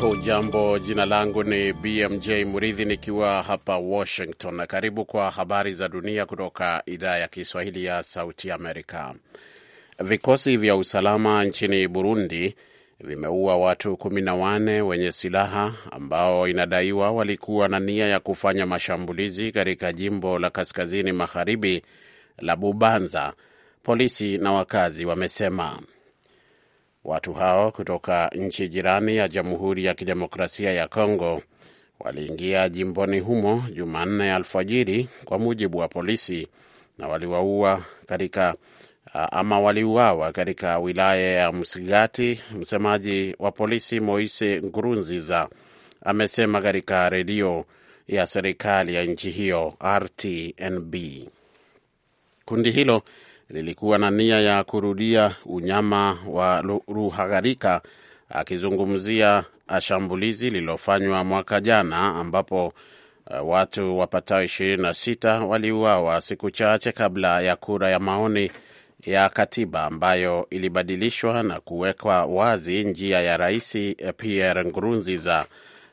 Hujambo, jina langu ni BMJ mridhi nikiwa hapa Washington na karibu kwa habari za dunia kutoka idhaa ya Kiswahili ya Sauti Amerika. Vikosi vya usalama nchini Burundi vimeua watu kumi na wane wenye silaha ambao inadaiwa walikuwa na nia ya kufanya mashambulizi katika jimbo la kaskazini magharibi la Bubanza, polisi na wakazi wamesema. Watu hao kutoka nchi jirani ya Jamhuri ya Kidemokrasia ya Kongo waliingia jimboni humo Jumanne alfajiri kwa mujibu wa polisi, na waliwaua katika ama waliuawa katika wilaya ya Msigati. Msemaji wa polisi Moise Ngurunziza amesema katika redio ya serikali ya nchi hiyo RTNB. Kundi hilo lilikuwa na nia ya kurudia unyama wa Ruhagarika, akizungumzia shambulizi lililofanywa mwaka jana ambapo eh, watu wapatao sita waliuawa siku chache kabla ya kura ya maoni ya katiba ambayo ilibadilishwa na kuwekwa wazi njia ya Rais eh, Pierre Nkurunziza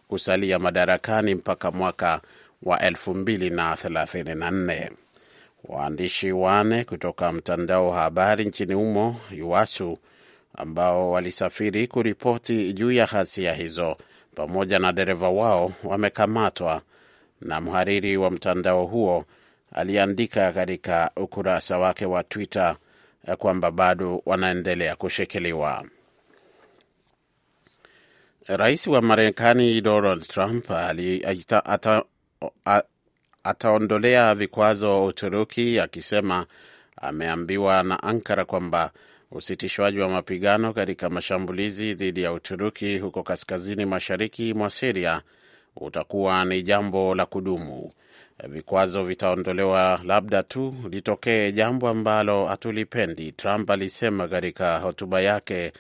kusalia madarakani mpaka mwaka wa nne. Waandishi wane kutoka mtandao wa habari nchini humo Iwasu, ambao walisafiri kuripoti juu ya ghasia hizo, pamoja na dereva wao wamekamatwa, na mhariri wa mtandao huo aliandika katika ukurasa wake wa Twitter kwamba bado wanaendelea kushikiliwa. Rais wa Marekani Donald Trump ali, ata, ata, ataondolea vikwazo Uturuki, akisema ameambiwa na Ankara kwamba usitishwaji wa mapigano katika mashambulizi dhidi ya Uturuki huko kaskazini mashariki mwa Siria utakuwa ni jambo la kudumu. Vikwazo vitaondolewa labda tu litokee jambo ambalo hatulipendi, Trump alisema katika hotuba yake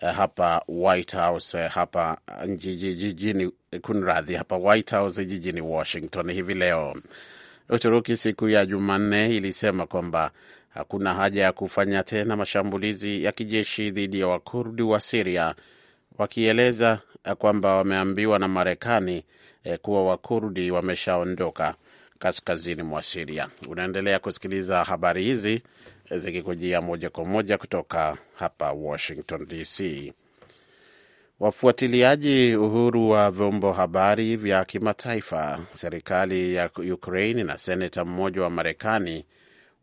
Eh, hapa White House eh, hapa eh, jijini, kunradhi, hapa White House jijini Washington hivi leo. Uturuki siku ya Jumanne ilisema kwamba hakuna haja ya kufanya tena mashambulizi ya kijeshi dhidi ya Wakurdi wa Siria, wakieleza kwamba wameambiwa na Marekani kuwa Wakurdi wameshaondoka kaskazini mwa Siria. Unaendelea kusikiliza habari hizi zikikujia moja kwa moja kutoka hapa Washington DC. Wafuatiliaji uhuru wa vyombo habari vya kimataifa, serikali ya Ukraine na seneta mmoja wa Marekani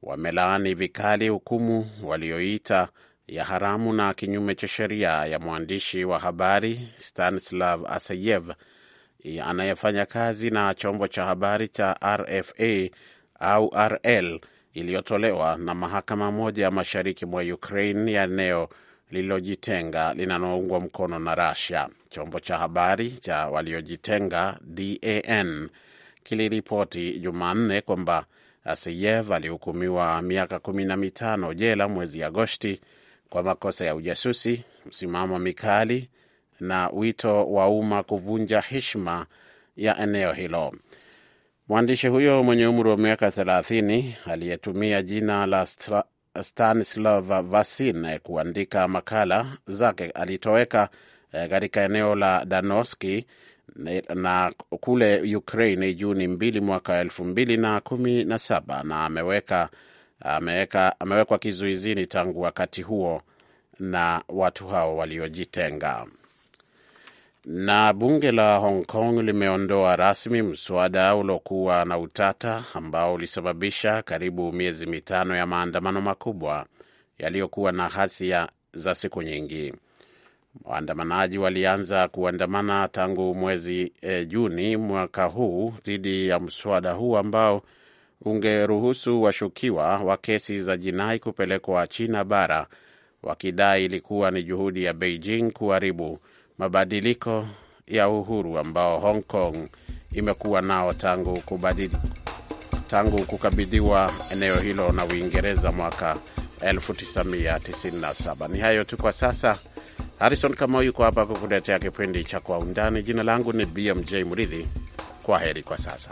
wamelaani vikali hukumu walioita ya haramu na kinyume cha sheria ya mwandishi wa habari Stanislav Aseyev anayefanya kazi na chombo cha habari cha RFA au RL iliyotolewa na mahakama moja ya mashariki mwa Ukraine ya eneo lililojitenga linaloungwa mkono na Russia. Chombo cha habari cha waliojitenga DAN kiliripoti Jumanne kwamba Asiyev alihukumiwa miaka kumi na mitano jela mwezi Agosti kwa makosa ya ujasusi, msimamo mikali na wito wa umma kuvunja heshima ya eneo hilo. Mwandishi huyo mwenye umri wa miaka 30 aliyetumia jina la Stanislav Vasin kuandika makala zake alitoweka eh, katika eneo la Danoski na kule Ukraine Juni mbili mwaka elfu mbili na kumi na saba na ameweka, ameweka, amewekwa kizuizini tangu wakati huo na watu hao waliojitenga. Na bunge la Hong Kong limeondoa rasmi mswada uliokuwa na utata ambao ulisababisha karibu miezi mitano ya maandamano makubwa yaliyokuwa na ghasia za siku nyingi. Waandamanaji walianza kuandamana tangu mwezi e, Juni mwaka huu dhidi ya mswada huu ambao ungeruhusu washukiwa wa kesi za jinai kupelekwa China bara, wakidai ilikuwa ni juhudi ya Beijing kuharibu mabadiliko ya uhuru ambao Hong Kong imekuwa nao tangu kubadili, tangu kukabidhiwa eneo hilo na Uingereza mwaka 1997. Ni hayo tu kwa sasa. Harrison Kamau yuko hapa kukuletea kipindi cha Kwa Undani. Jina langu ni BMJ Muridhi. Kwa heri kwa sasa.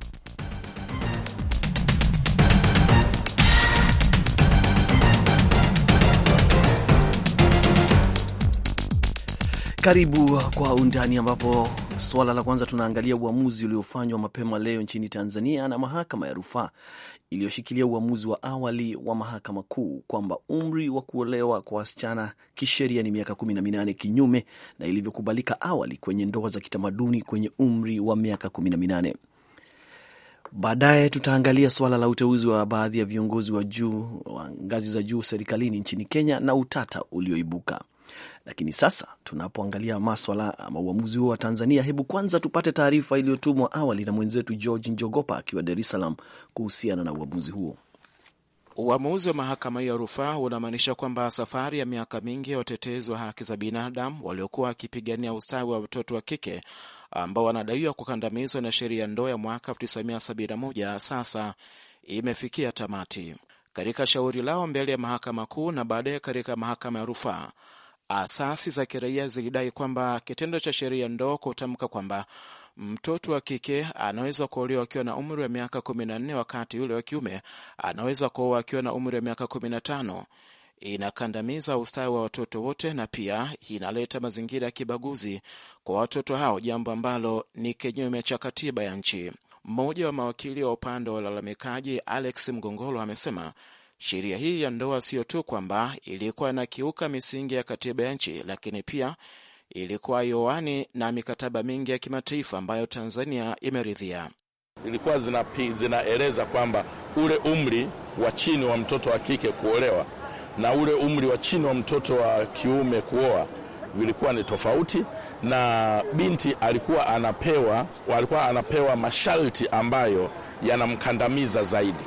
Karibu kwa undani, ambapo suala la kwanza tunaangalia uamuzi uliofanywa mapema leo nchini Tanzania na mahakama ya rufaa iliyoshikilia uamuzi wa awali wa mahakama kuu kwamba umri wa kuolewa kwa wasichana kisheria ni miaka kumi na minane kinyume na ilivyokubalika awali kwenye ndoa za kitamaduni kwenye umri wa miaka kumi na minane. Baadaye tutaangalia suala la uteuzi wa baadhi ya viongozi wa juu wa ngazi za juu serikalini nchini Kenya na utata ulioibuka. Lakini sasa tunapoangalia maswala ama uamuzi huo wa Tanzania, hebu kwanza tupate taarifa iliyotumwa awali na mwenzetu George Njogopa akiwa Dar es Salaam kuhusiana na uamuzi huo. Uamuzi wa mahakama hiyo ya rufaa unamaanisha kwamba safari ya miaka mingi ya watetezi wa haki za binadamu waliokuwa wakipigania ustawi wa watoto wa kike ambao wanadaiwa kukandamizwa na sheria ya ndoa ya mwaka 1971 sasa imefikia tamati. Katika shauri lao mbele ya mahakama kuu na baadaye katika mahakama ya rufaa, Asasi za kiraia zilidai kwamba kitendo cha sheria ndoo kutamka kwamba mtoto wa kike anaweza kuolewa akiwa na umri wa miaka kumi na nne wakati yule wa kiume anaweza kuoa akiwa na umri wa miaka kumi na tano inakandamiza ustawi wa watoto wote na pia inaleta mazingira ya kibaguzi kwa watoto hao, jambo ambalo ni kinyume cha katiba ya nchi. Mmoja wa mawakili wa upande wa ulalamikaji Alex Mgongolo amesema Sheria hii ya ndoa siyo tu kwamba ilikuwa inakiuka misingi ya katiba ya nchi, lakini pia ilikuwa yoani na mikataba mingi ya kimataifa ambayo Tanzania imeridhia. Ilikuwa zinaeleza zina kwamba ule umri wa chini wa mtoto wa kike kuolewa na ule umri wa chini wa mtoto wa kiume kuoa vilikuwa ni tofauti, na binti alikuwa anapewa, alikuwa anapewa masharti ambayo yanamkandamiza zaidi.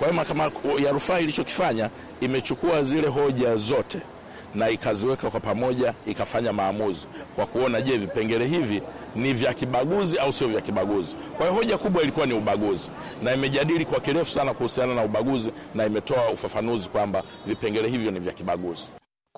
Kwa hiyo mahakama ya rufaa ilichokifanya imechukua zile hoja zote na ikaziweka kwa pamoja, ikafanya maamuzi kwa kuona, je, vipengele hivi ni vya kibaguzi au sio vya kibaguzi? Kwa hiyo hoja kubwa ilikuwa ni ubaguzi, na imejadili kwa kirefu sana kuhusiana na ubaguzi, na imetoa ufafanuzi kwamba vipengele hivyo ni vya kibaguzi.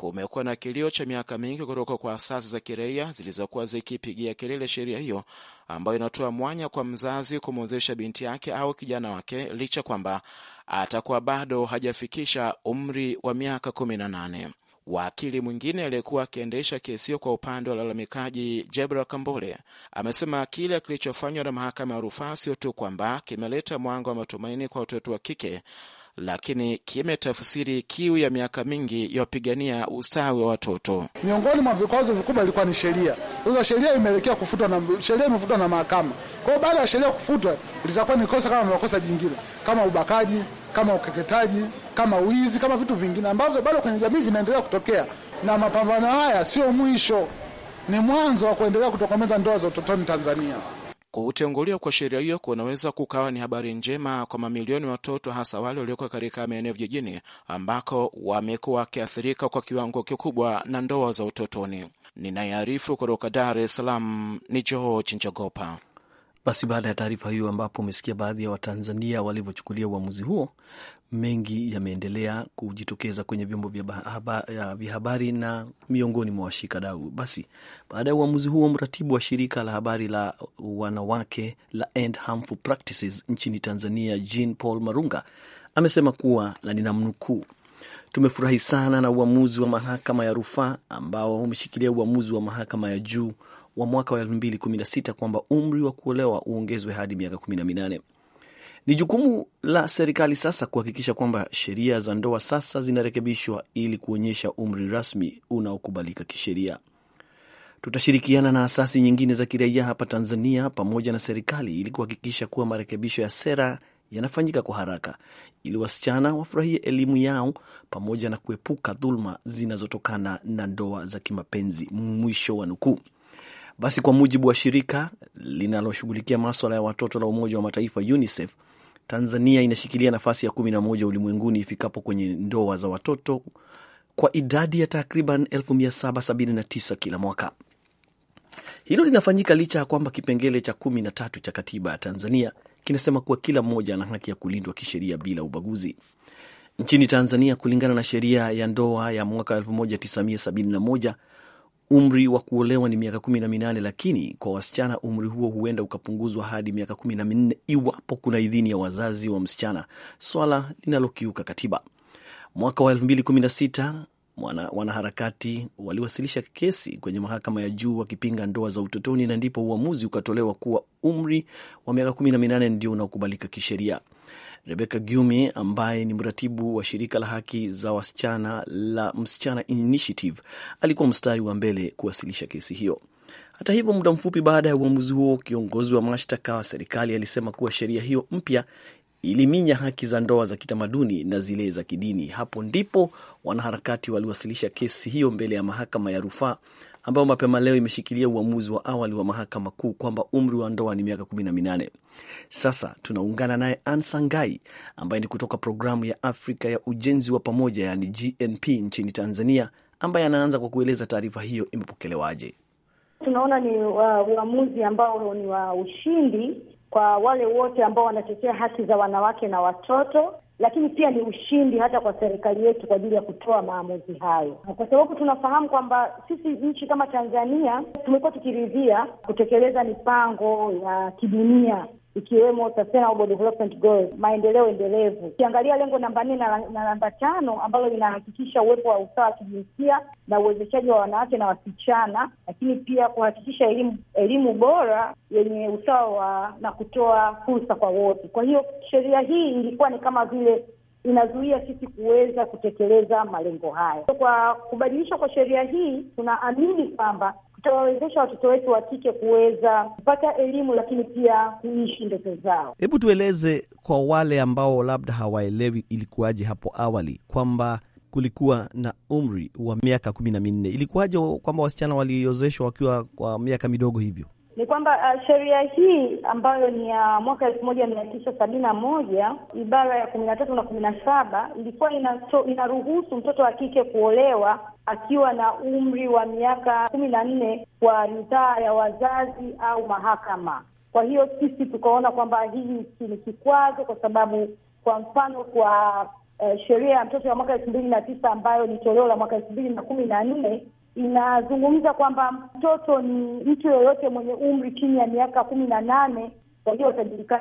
Kumekuwa na kilio cha miaka mingi kutoka kwa asasi za kiraia zilizokuwa zikipigia kelele sheria hiyo ambayo inatoa mwanya kwa mzazi kumwozesha binti yake au kijana wake licha kwamba atakuwa bado hajafikisha umri wa miaka kumi na nane. Wakili mwingine aliyekuwa akiendesha kesi hiyo kwa upande wa lalamikaji Jebra Kambole amesema kile kilichofanywa na mahakama ya rufaa sio tu kwamba kimeleta mwanga wa matumaini kwa watoto wa kike lakini kimetafsiri kiu ya miaka mingi ya wapigania ustawi wa watoto. Miongoni mwa vikwazo vikubwa ilikuwa ni sheria. Sasa sheria imeelekea kufutwa na sheria imefutwa na mahakama. Kwa hiyo baada ya sheria kufutwa, litakuwa ni kosa kama makosa jingine kama ubakaji, kama ukeketaji, kama wizi, kama vitu vingine ambavyo bado kwenye jamii vinaendelea kutokea, na mapambano haya sio mwisho, ni mwanzo wa kuendelea kutokomeza ndoa za utotoni Tanzania. Kutenguliwa kwa sheria hiyo kunaweza kukawa ni habari njema kwa mamilioni watoto, hasa wale walioko katika maeneo vijijini ambako wamekuwa wakiathirika kwa kiwango kikubwa na ndoa za utotoni. Ninayearifu kutoka Dar es Salaam ni George Njogopa. Basi baada ya taarifa hiyo, ambapo umesikia baadhi ya Watanzania walivyochukulia uamuzi huo, mengi yameendelea kujitokeza kwenye vyombo vya habari na miongoni mwa washikadau. Basi baada ya uamuzi huo, mratibu wa shirika la habari la wanawake la End Harmful Practices nchini Tanzania, Jean Paul Marunga, amesema kuwa na ninamnukuu, tumefurahi sana na uamuzi wa mahakama ya rufaa ambao umeshikilia uamuzi wa mahakama ya juu wa mwaka wa 2016 kwamba umri wa kuolewa uongezwe hadi miaka 18. Ni jukumu la serikali sasa kuhakikisha kwamba sheria za ndoa sasa zinarekebishwa ili kuonyesha umri rasmi unaokubalika kisheria. Tutashirikiana na asasi nyingine za kiraia hapa Tanzania pamoja na serikali ili kuhakikisha kuwa marekebisho ya sera yanafanyika kwa haraka ili wasichana wafurahie elimu yao pamoja na kuepuka dhuluma zinazotokana na ndoa za kimapenzi. Mwisho wa nukuu. Basi, kwa mujibu wa shirika linaloshughulikia maswala ya watoto la Umoja wa Mataifa UNICEF, Tanzania inashikilia nafasi ya kumi na moja ulimwenguni ifikapo kwenye ndoa za watoto kwa idadi ya takriban tisa kila mwaka. Hilo linafanyika licha ya kwamba kipengele cha kumi na tatu cha katiba ya Tanzania kinasema kuwa kila mmoja ana haki ya kulindwa kisheria bila ubaguzi. Nchini Tanzania, kulingana na sheria ya ndoa ya mwaka 1971 Umri wa kuolewa ni miaka kumi na minane, lakini kwa wasichana umri huo huenda ukapunguzwa hadi miaka kumi na minne iwapo kuna idhini ya wazazi wa msichana, swala linalokiuka katiba. Mwaka wa 2016 wanaharakati waliwasilisha kesi kwenye mahakama ya juu wakipinga ndoa za utotoni, na ndipo uamuzi ukatolewa kuwa umri wa miaka minane ndio unaokubalika kisheria. Rebecca Gyumi ambaye ni mratibu wa shirika la haki za wasichana la Msichana Initiative alikuwa mstari wa mbele kuwasilisha kesi hiyo. Hata hivyo, muda mfupi baada ya uamuzi huo, kiongozi wa mashtaka wa serikali alisema kuwa sheria hiyo mpya iliminya haki za ndoa za kitamaduni na zile za kidini. Hapo ndipo wanaharakati waliwasilisha kesi hiyo mbele ya mahakama ya rufaa ambayo mapema leo imeshikilia uamuzi wa awali wa mahakama kuu kwamba umri wa ndoa ni miaka kumi na minane. Sasa tunaungana naye Ann Sangai ambaye ni kutoka programu ya Afrika ya ujenzi wa pamoja yani GNP nchini Tanzania, ambaye anaanza kwa kueleza taarifa hiyo imepokelewaje. Tunaona ni uamuzi ambao ni wa ushindi kwa wale wote ambao wanatetea haki za wanawake na watoto lakini pia ni ushindi hata kwa serikali yetu kwa ajili ya kutoa maamuzi hayo, kwa sababu tunafahamu kwamba sisi nchi kama Tanzania tumekuwa tukiridhia kutekeleza mipango ya kidunia ikiwemo sustainable development goals, maendeleo endelevu. Ukiangalia lengo namba nne na namba tano ambalo linahakikisha uwepo wa usawa wa kijinsia na uwezeshaji wa wanawake na wasichana, lakini pia kuhakikisha elimu elimu bora yenye usawa na kutoa fursa kwa wote. Kwa hiyo sheria hii ilikuwa ni kama vile inazuia sisi kuweza kutekeleza malengo haya. Kwa kubadilishwa kwa sheria hii, tunaamini kwamba tutawawezesha watoto wetu wa kike kuweza kupata elimu, lakini pia kuishi ndoto zao. Hebu tueleze kwa wale ambao labda hawaelewi ilikuwaje hapo awali kwamba kulikuwa na umri wa miaka kumi na minne. Ilikuwaje kwamba wasichana waliozeshwa wakiwa kwa miaka midogo hivyo? ni kwamba uh, sheria hii ambayo ni ya uh, mwaka elfu moja mia tisa sabini na moja ibara ya kumi na tatu na kumi na saba ilikuwa inato, inaruhusu mtoto wa kike kuolewa akiwa na umri wa miaka kumi na nne kwa ridhaa ya wazazi au mahakama. Kwa hiyo sisi tukaona kwamba hii ni kikwazo, kwa sababu kwa mfano kwa uh, sheria ya mtoto ya mwaka elfu mbili na tisa ambayo ni toleo la mwaka elfu mbili na kumi na nne inazungumza kwamba mtoto ni mtu yoyote mwenye umri chini ya miaka kumi na nane kwa hiyo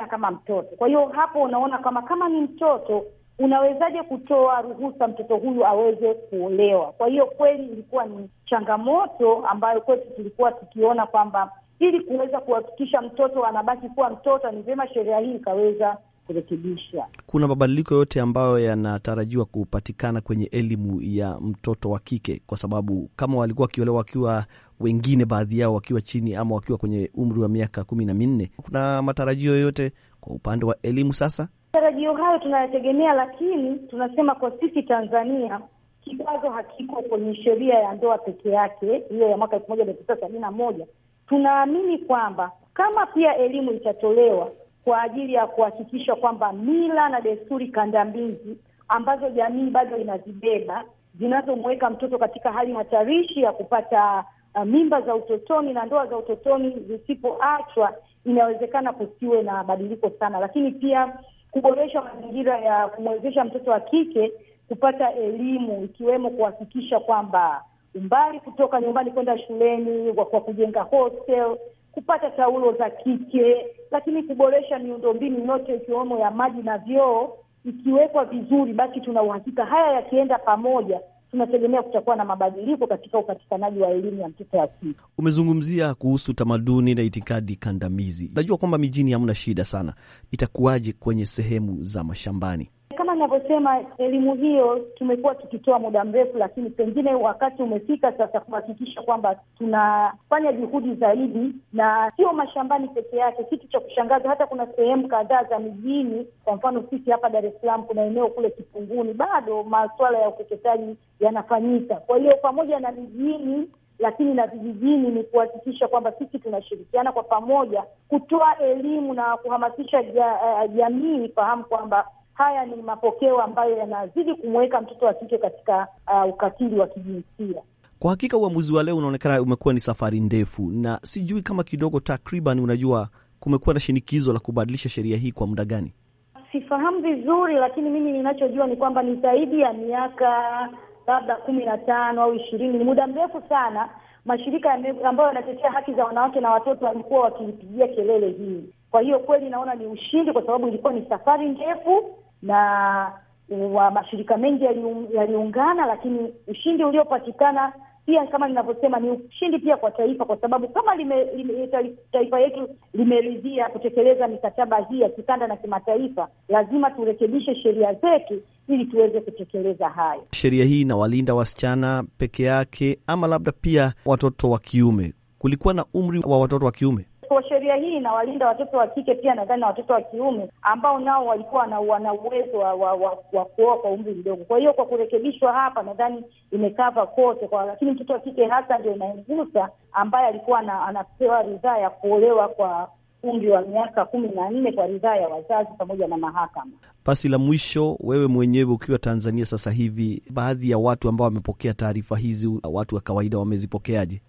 kama mtoto. Kwa hiyo hapo unaona kwamba kama ni mtoto, unawezaje kutoa ruhusa mtoto huyu aweze kuolewa? Kwa hiyo kweli ilikuwa ni changamoto ambayo kwetu tulikuwa tukiona kwamba ili kuweza kuhakikisha mtoto anabaki kuwa mtoto, ni vyema sheria hii ikaweza kurekebishwa. Kuna mabadiliko yote ambayo yanatarajiwa kupatikana kwenye elimu ya mtoto wa kike, kwa sababu kama walikuwa wakiolewa wakiwa wengine, baadhi yao wakiwa chini ama wakiwa kwenye umri wa miaka kumi na minne, kuna matarajio yoyote kwa upande wa elimu sasa? Matarajio hayo tunayategemea, lakini tunasema kwa sisi Tanzania kikwazo hakiko kwenye sheria ya ndoa peke yake, hiyo ya mwaka elfu moja mia tisa sabini na moja. Tunaamini kwamba kama pia elimu itatolewa kwa ajili ya kuhakikisha kwamba mila na desturi kandambizi ambazo jamii bado inazibeba zinazomweka mtoto katika hali hatarishi ya kupata uh, mimba za utotoni na ndoa za utotoni zisipoachwa, inawezekana kusiwe na mabadiliko sana, lakini pia kuboresha mazingira ya kumwezesha mtoto wa kike kupata elimu ikiwemo kuhakikisha kwamba umbali kutoka nyumbani kwenda shuleni kwa kujenga hostel kupata taulo za kike, lakini kuboresha miundombinu yote ikiwemo ya maji na vyoo ikiwekwa vizuri, basi tuna uhakika haya yakienda pamoja tunategemea kutakuwa na mabadiliko katika upatikanaji wa elimu ya mtoto ya kike. Umezungumzia kuhusu tamaduni na itikadi kandamizi. Najua kwamba mijini hamna shida sana, itakuwaje kwenye sehemu za mashambani? unavyosema, elimu hiyo tumekuwa tukitoa muda mrefu, lakini pengine wakati umefika sasa kuhakikisha kwamba tunafanya juhudi zaidi, na sio mashambani peke yake. Kitu cha kushangaza, hata kuna sehemu kadhaa za mijini, kwa mfano sisi hapa Dar es Salaam kuna eneo kule Kipunguni, bado masuala ya ukeketaji yanafanyika. Kwa hiyo pamoja na mijini lakini na vijijini ni kuhakikisha kwamba sisi tunashirikiana kwa pamoja kutoa elimu na kuhamasisha jamii ja, ifahamu kwamba haya ni mapokeo ambayo yanazidi kumweka mtoto wa kike katika uh, ukatili wa kijinsia. Kwa hakika uamuzi wa leo unaonekana umekuwa ni safari ndefu, na sijui kama kidogo takriban, unajua kumekuwa na shinikizo la kubadilisha sheria hii kwa muda gani? Sifahamu vizuri, lakini mimi ninachojua ni kwamba ni zaidi ya miaka labda kumi na tano au ishirini. Ni muda mrefu sana mashirika ambayo yanatetea haki za wanawake na watoto walikuwa wakilipigia kelele hii. Kwa hiyo kweli naona ni ushindi, kwa sababu ilikuwa ni safari ndefu na wa mashirika mengi yaliungana, lakini ushindi uliopatikana pia kama ninavyosema ni ushindi pia kwa taifa, kwa sababu kama lime, lime, taifa yetu limeridhia kutekeleza mikataba hii ya kikanda na kimataifa, lazima turekebishe sheria zetu ili tuweze kutekeleza hayo. Sheria hii inawalinda wasichana peke yake ama labda pia watoto wa kiume? Kulikuwa na umri wa watoto wa kiume? sheria hii inawalinda watoto wa kike pia nadhani na watoto wa kiume ambao nao walikuwa wana uwezo wa, wa, wa, wa kuoa kwa umri mdogo. Kwa hiyo kwa kurekebishwa hapa nadhani imekava kote kwa, lakini mtoto wa kike hasa ndio inaigusa ambaye alikuwa anapewa ridhaa ya kuolewa kwa umri wa miaka kumi na nne kwa ridhaa ya wazazi pamoja na mahakama. Basi la mwisho, wewe mwenyewe ukiwa Tanzania sasa hivi, baadhi ya watu ambao wamepokea taarifa hizi, watu wa kawaida wamezipokeaje?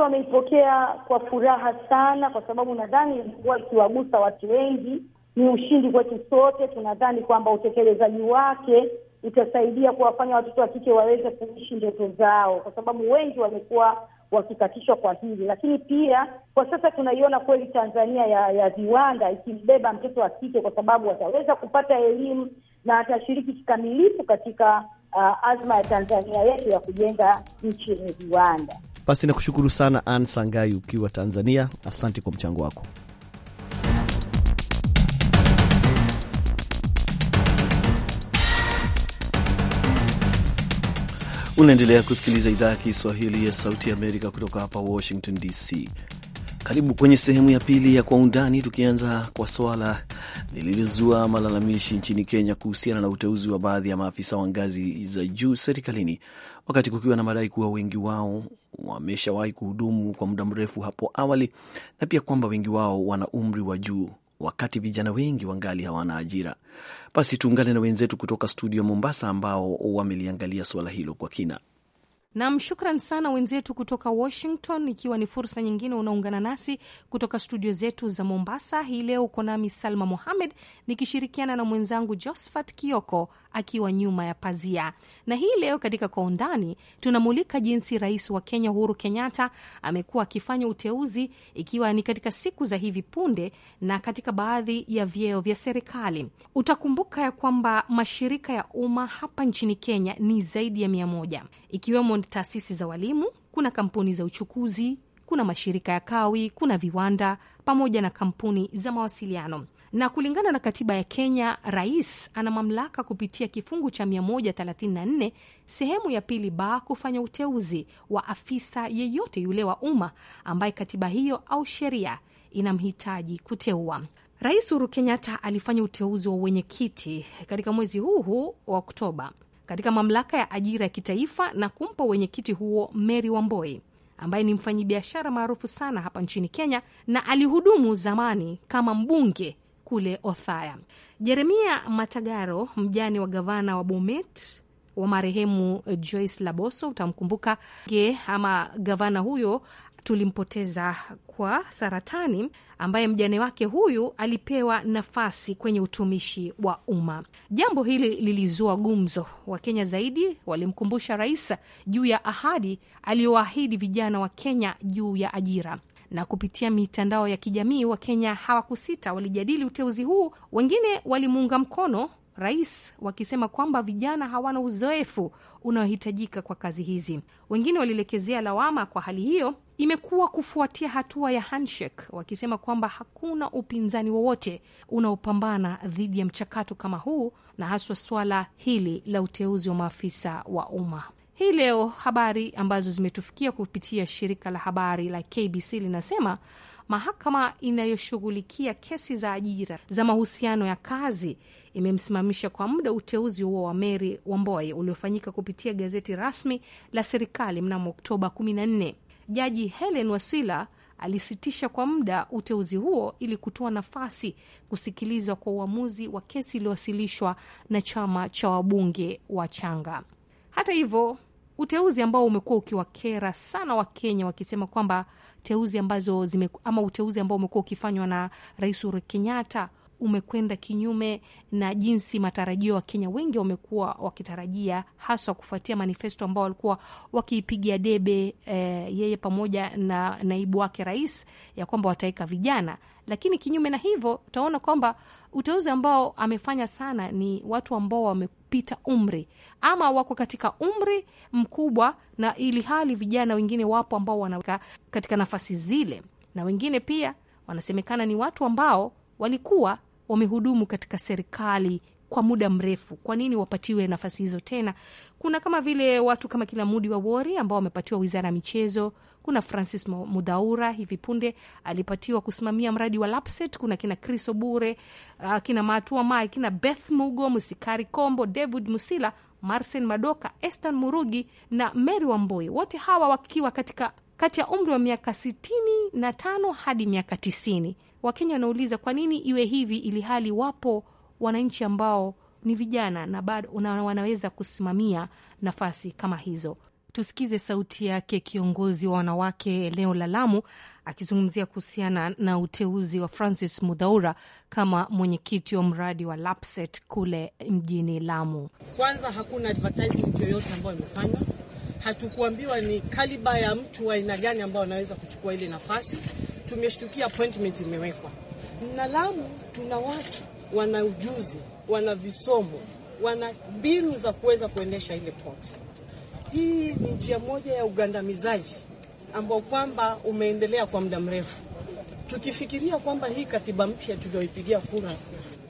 wengi wameipokea kwa furaha sana, kwa sababu nadhani ilikuwa ikiwagusa watu wengi. Ni ushindi kwetu sote, tunadhani kwamba utekelezaji wake utasaidia kuwafanya watoto wa kike waweze kuishi ndoto zao, kwa sababu wengi wamekuwa wakikatishwa kwa hili. Lakini pia kwa sasa tunaiona kweli Tanzania ya ya viwanda ikimbeba mtoto wa kike, kwa sababu ataweza kupata elimu na atashiriki kikamilifu katika uh, azma ya Tanzania yetu ya kujenga nchi yenye viwanda. Basi nakushukuru sana Ann Sangai ukiwa Tanzania, asante kwa mchango wako. Unaendelea kusikiliza idhaa ya Kiswahili ya Sauti ya Amerika kutoka hapa Washington DC. Karibu kwenye sehemu ya pili ya Kwa Undani, tukianza kwa swala lililozua malalamishi nchini Kenya kuhusiana na uteuzi wa baadhi ya maafisa wa ngazi za juu serikalini, wakati kukiwa na madai kuwa wengi wao wameshawahi kuhudumu kwa muda mrefu hapo awali na pia kwamba wengi wao wana umri wa juu, wakati vijana wengi wangali hawana ajira. Basi tuungane na wenzetu kutoka studio Mombasa ambao wameliangalia suala hilo kwa kina. Nam, shukran sana wenzetu kutoka Washington, ikiwa ni fursa nyingine unaungana nasi kutoka studio zetu za Mombasa. Hii leo uko nami Salma Mohamed nikishirikiana na mwenzangu Josphat Kioko akiwa nyuma ya pazia, na hii leo katika Kwa Undani tunamulika jinsi rais wa Kenya Uhuru Kenyatta amekuwa akifanya uteuzi, ikiwa ni katika siku za hivi punde na katika baadhi ya vyeo vya serikali. Utakumbuka ya kwamba mashirika ya umma hapa nchini Kenya ni zaidi ya mia moja ikiwemo taasisi za walimu, kuna kampuni za uchukuzi, kuna mashirika ya kawi, kuna viwanda pamoja na kampuni za mawasiliano. Na kulingana na katiba ya Kenya, rais ana mamlaka kupitia kifungu cha 134 sehemu ya pili ba kufanya uteuzi wa afisa yeyote yule wa umma ambaye katiba hiyo au sheria inamhitaji kuteua. Rais Uhuru Kenyatta alifanya uteuzi wa wenyekiti katika mwezi huu huu wa Oktoba katika mamlaka ya ajira ya kitaifa na kumpa wenyekiti huo Mary Wamboi ambaye ni mfanyibiashara maarufu sana hapa nchini Kenya na alihudumu zamani kama mbunge kule Othaya. Jeremia Matagaro, mjane wa gavana wa Bomet wa marehemu Joyce Laboso, utamkumbuka ge ama gavana huyo tulimpoteza kwa saratani, ambaye mjane wake huyu alipewa nafasi kwenye utumishi wa umma. Jambo hili lilizua gumzo. Wakenya zaidi walimkumbusha rais juu ya ahadi aliyoahidi vijana wa Kenya juu ya ajira na kupitia mitandao ya kijamii Wakenya hawakusita, walijadili uteuzi huu. Wengine walimuunga mkono, rais wakisema kwamba vijana hawana uzoefu unaohitajika kwa kazi hizi. Wengine walielekezea lawama kwa hali hiyo imekuwa kufuatia hatua ya handshake, wakisema kwamba hakuna upinzani wowote unaopambana dhidi ya mchakato kama huu na haswa swala hili la uteuzi wa maafisa wa umma. Hii leo habari ambazo zimetufikia kupitia shirika la habari la KBC linasema Mahakama inayoshughulikia kesi za ajira za mahusiano ya kazi imemsimamisha kwa muda uteuzi huo wa Mary Wamboi uliofanyika kupitia gazeti rasmi la serikali mnamo Oktoba 14. Jaji Helen Wasila alisitisha kwa muda uteuzi huo ili kutoa nafasi kusikilizwa kwa uamuzi wa kesi iliyowasilishwa na chama cha wabunge wa changa. Hata hivyo uteuzi ambao umekuwa ukiwakera sana Wakenya wakisema kwamba teuzi ambazo zime, ama uteuzi ambao umekuwa ukifanywa na Rais Uhuru Kenyatta umekwenda kinyume na jinsi matarajio Wakenya wengi wamekuwa wakitarajia, haswa kufuatia manifesto ambao walikuwa wakiipigia debe e, yeye pamoja na naibu wake rais, ya kwamba wataweka vijana. Lakini kinyume na hivyo, utaona kwamba uteuzi ambao amefanya sana ni watu ambao wamepita umri ama wako katika umri mkubwa, na ili hali vijana wengine wapo ambao wanaweka katika nafasi zile, na wengine pia wanasemekana ni watu ambao walikuwa wamehudumu katika serikali kwa muda mrefu, kwa nini wapatiwe nafasi hizo tena? Kuna kama vile watu kama kina Mudi wa Wori ambao wamepatiwa wizara ya michezo. Kuna Francis Mudhaura hivi punde alipatiwa kusimamia mradi wa Lapset. Kuna kina Chris Obure, uh, kina Matua Mai, kina Beth Mugo, Musikari Kombo, David Musila, marsen Madoka, Estan Murugi na Mary Wamboi, wote hawa wakiwa katika kati ya umri wa miaka sitini na tano hadi miaka tisini. Wakenya wanauliza kwa nini iwe hivi, ili hali wapo wananchi ambao ni vijana na bado wanaweza kusimamia nafasi kama hizo. Tusikize sauti yake kiongozi wa wanawake eneo la Lamu akizungumzia kuhusiana na uteuzi wa Francis Mudhaura kama mwenyekiti wa mradi wa Lapset kule mjini Lamu. Kwanza hakuna advertisement yoyote ambayo imefanywa hatukuambiwa ni kaliba ya mtu aina gani ambao anaweza kuchukua ile nafasi. Tumeshtukia appointment imewekwa na Lamu. Tuna watu wana ujuzi, wana visomo, wana mbinu za kuweza kuendesha ile port. Hii ni njia moja ya ugandamizaji ambao kwamba umeendelea kwa muda mrefu, tukifikiria kwamba hii katiba mpya tulioipigia kura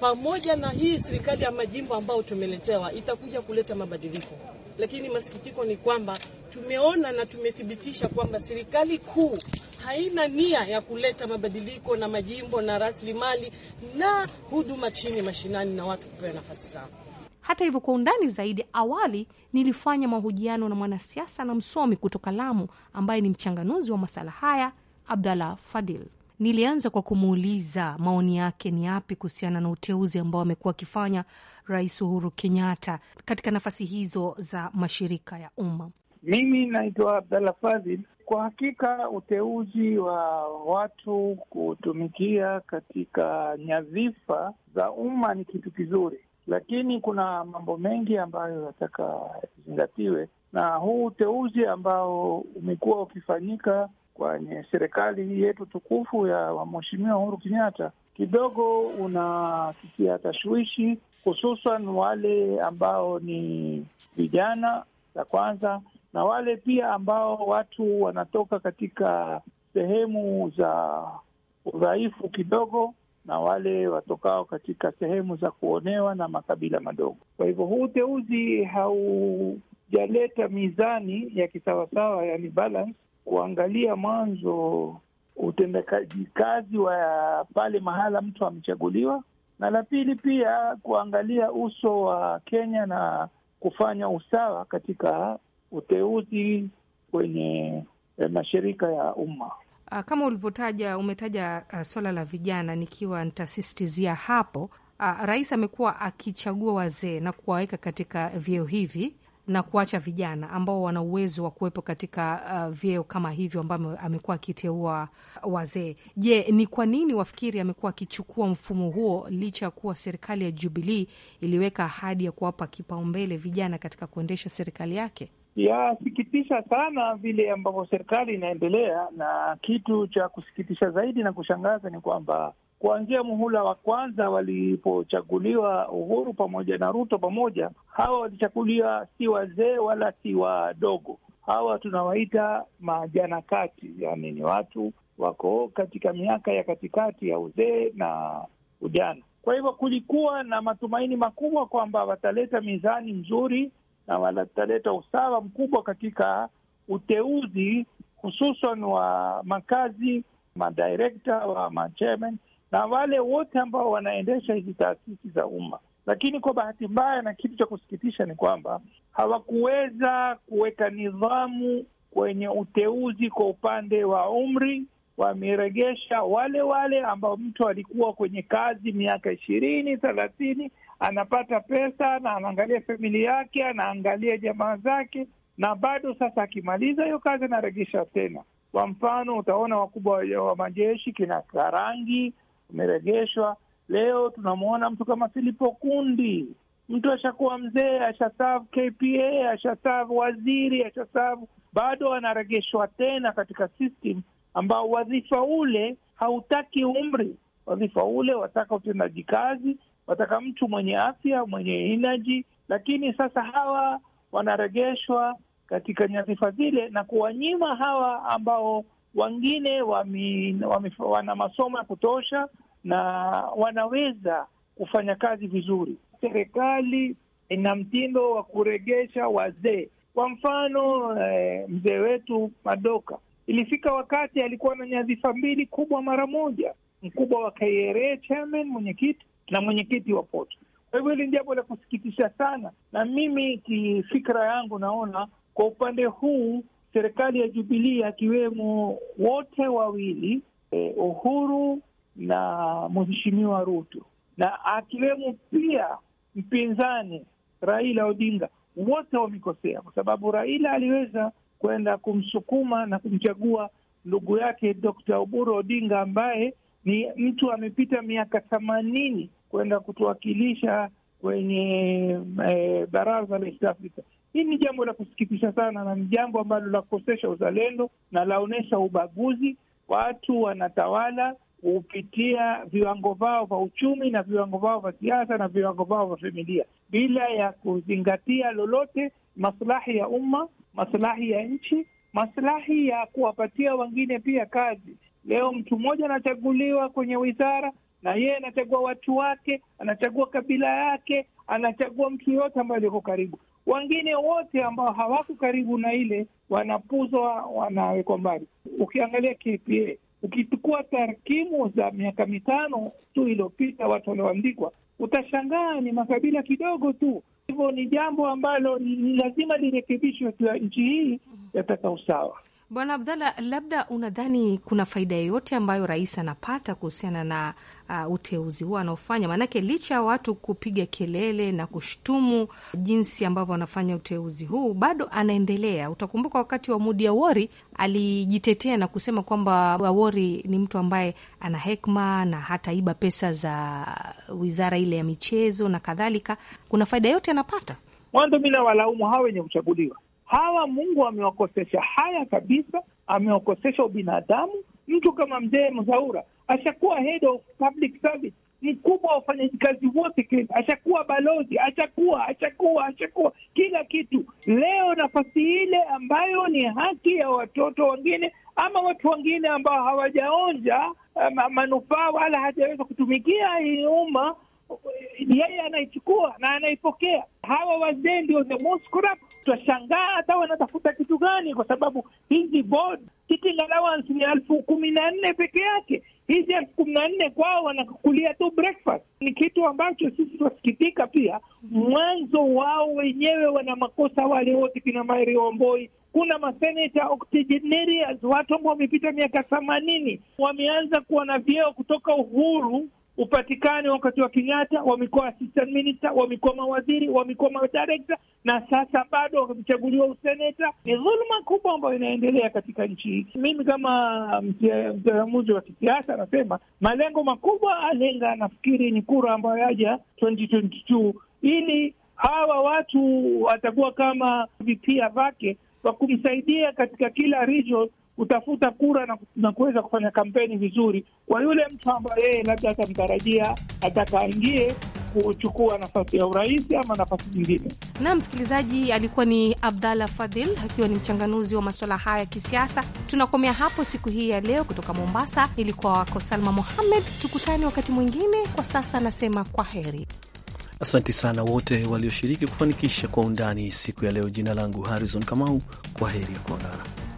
pamoja na hii serikali ya majimbo ambayo tumeletewa itakuja kuleta mabadiliko lakini masikitiko ni kwamba tumeona na tumethibitisha kwamba serikali kuu haina nia ya kuleta mabadiliko na majimbo na rasilimali na huduma chini mashinani na watu kupewa nafasi zao. Hata hivyo, kwa undani zaidi, awali nilifanya mahojiano na mwanasiasa na msomi kutoka Lamu ambaye ni mchanganuzi wa masala haya, Abdallah Fadil. Nilianza kwa kumuuliza maoni yake ni yapi kuhusiana na uteuzi ambao amekuwa akifanya Rais Uhuru Kenyatta katika nafasi hizo za mashirika ya umma. Mimi naitwa Abdalla Fadhil. Kwa hakika uteuzi wa watu kutumikia katika nyadhifa za umma ni kitu kizuri, lakini kuna mambo mengi ambayo yataka zingatiwe na huu uteuzi ambao umekuwa ukifanyika kwenye serikali hii yetu tukufu ya Mheshimiwa Uhuru Kenyatta kidogo unasikia tashwishi, hususan wale ambao ni vijana za kwanza, na wale pia ambao watu wanatoka katika sehemu za udhaifu kidogo, na wale watokao katika sehemu za kuonewa na makabila madogo. Kwa hivyo huu uteuzi haujaleta mizani ya kisawasawa, yani balance kuangalia mwanzo utendekaji kazi wa pale mahala mtu amechaguliwa, na la pili pia kuangalia uso wa Kenya na kufanya usawa katika uteuzi kwenye eh, mashirika ya umma. Ah, kama ulivyotaja, umetaja uh, swala la vijana, nikiwa nitasisitizia hapo. Uh, rais amekuwa akichagua wazee na kuwaweka katika vyeo hivi na kuacha vijana ambao wana uwezo wa kuwepo katika uh, vyeo kama hivyo ambavyo amekuwa akiteua wazee. Je, ni kwa nini wafikiri amekuwa akichukua mfumo huo licha ya kuwa serikali ya Jubilii iliweka ahadi ya kuwapa kipaumbele vijana katika kuendesha serikali yake? Yasikitisha sana vile ambavyo serikali inaendelea, na kitu cha kusikitisha zaidi na kushangaza ni kwamba kuanzia muhula wa kwanza walipochaguliwa Uhuru pamoja na Ruto pamoja, hawa walichaguliwa si wazee wala si wadogo. Hawa tunawaita majana kati, yani ni watu wako katika miaka ya katikati ya uzee na ujana. Kwa hivyo kulikuwa na matumaini makubwa kwamba wataleta mizani mzuri na wataleta usawa mkubwa katika uteuzi hususan wa makazi, madirekta wa machairman na wale wote ambao wanaendesha hizi taasisi za umma. Lakini kwa bahati mbaya na kitu cha kusikitisha ni kwamba hawakuweza kuweka nidhamu kwenye uteuzi kwa upande wa umri. Wameregesha wale wale ambao mtu alikuwa kwenye kazi miaka ishirini thelathini, anapata pesa na anaangalia familia yake, anaangalia jamaa zake, na bado sasa akimaliza hiyo kazi anaregesha tena. Kwa mfano, utaona wakubwa wa majeshi kina Karangi umeregeshwa. Leo tunamwona mtu kama Filipo Kundi, mtu ashakuwa mzee, ashasafu KPA, ashasafu waziri, ashasavu bado anaregeshwa tena katika system ambao wadhifa ule hautaki umri, wadhifa ule wataka utendaji kazi, wataka mtu mwenye afya, mwenye energy. Lakini sasa hawa wanaregeshwa katika nyadhifa zile na kuwanyima hawa ambao wengine wame, wame, wana masomo ya kutosha na wanaweza kufanya kazi vizuri. Serikali ina mtindo wa kuregesha wazee. Kwa mfano eh, mzee wetu Madoka ilifika wakati alikuwa na nyadhifa mbili kubwa mara moja, mkubwa wa KRA chairman, mwenyekiti na mwenyekiti wa poti. Kwa hivyo hili ni jambo la kusikitisha sana, na mimi kifikira yangu naona kwa upande huu serikali ya Jubilii akiwemo wote wawili eh, Uhuru na mheshimiwa Ruto na akiwemo pia mpinzani Raila Odinga, wote wamekosea, kwa sababu Raila aliweza kwenda kumsukuma na kumchagua ndugu yake Dr. Oburu Odinga ambaye ni mtu amepita miaka themanini kwenda kutuwakilisha kwenye e, baraza la East Africa. Hii ni jambo la kusikitisha sana na ni jambo ambalo la kukosesha uzalendo na laonyesha ubaguzi. Watu wanatawala kupitia viwango vao vya uchumi na viwango vao vya siasa na viwango vao vya familia bila ya kuzingatia lolote maslahi ya umma, maslahi ya nchi, maslahi ya kuwapatia wengine pia kazi. Leo mtu mmoja anachaguliwa kwenye wizara na yeye anachagua watu wake, anachagua kabila yake, anachagua mtu yoyote ambaye aliyoko karibu. Wengine wote ambao hawako karibu na ile wanapuzwa, wanawekwa mbali. Ukiangalia KPA, ukichukua tarkimu za miaka mitano tu iliyopita, watu walioandikwa, utashangaa ni makabila kidogo tu. Hivyo ni jambo ambalo ni lazima lirekebishwe, nchi hii yataka usawa. Bwana Abdalla, labda unadhani kuna faida yoyote ambayo rais anapata kuhusiana na uh, uteuzi huo anaofanya? Maanake licha ya watu kupiga kelele na kushtumu jinsi ambavyo wanafanya uteuzi huu, bado anaendelea. Utakumbuka wakati wa Mudi Awori alijitetea na kusema kwamba Awori ni mtu ambaye ana hekma na hataiba pesa za wizara ile ya michezo na kadhalika. Kuna faida yote anapata? Mwanzo mi nawalaumu hawa wenye kuchaguliwa hawa Mungu amewakosesha haya kabisa, amewakosesha ubinadamu. Mtu kama mzee Mzaura ashakuwa head of public service mkubwa wa wafanyakazi wote Kenya, ashakuwa balozi, ashakuwa ashakuwa ashakuwa kila kitu. Leo nafasi ile ambayo ni haki ya watoto wengine ama watu wengine ambao hawajaonja eh, manufaa wala hajaweza kutumikia hii umma, eh, yeye anaichukua na anaipokea. Hawa wazee ndio the most corrupt Twashangaa hata wanatafuta kitu gani, kwa sababu hizi board sitting allowance ni elfu kumi na nne peke yake. Hizi elfu kumi na nne kwao wanakukulia tu breakfast. Ni kitu ambacho sisi twasikitika pia. Mwanzo wao wenyewe wana makosa wale wote, kina Mairi Wamboi, kuna maseneta octogenarians watu ambao wamepita miaka themanini wameanza kuwa na vyeo kutoka uhuru upatikane wakati wa Kenyatta, wamekuwa assistant minister, wamekuwa mawaziri, wamekuwa madirekta na sasa bado wakichaguliwa useneta. Ni dhuluma kubwa ambayo inaendelea katika nchi hii. Mimi kama mchanganuzi wa kisiasa nasema malengo makubwa alenga, nafikiri ni kura ambayo yaja 2022 ili hawa watu watakuwa kama vipia vake wa kumsaidia katika kila region kutafuta kura na, na kuweza kufanya kampeni vizuri kwa yule mtu ambaye yeye labda atamtarajia atakaingie kuchukua nafasi ya urais ama nafasi nyingine. Na msikilizaji, alikuwa ni Abdalla Fadhil akiwa ni mchanganuzi wa masuala haya ya kisiasa. Tunakomea hapo siku hii ya leo. Kutoka Mombasa, ilikuwa wako Salma Mohamed. Tukutane wakati mwingine. Kwa sasa nasema kwa heri. Asanti sana wote walioshiriki kufanikisha kwa undani siku ya leo. Jina langu Harrison Kamau, kwa heri ya kuonana.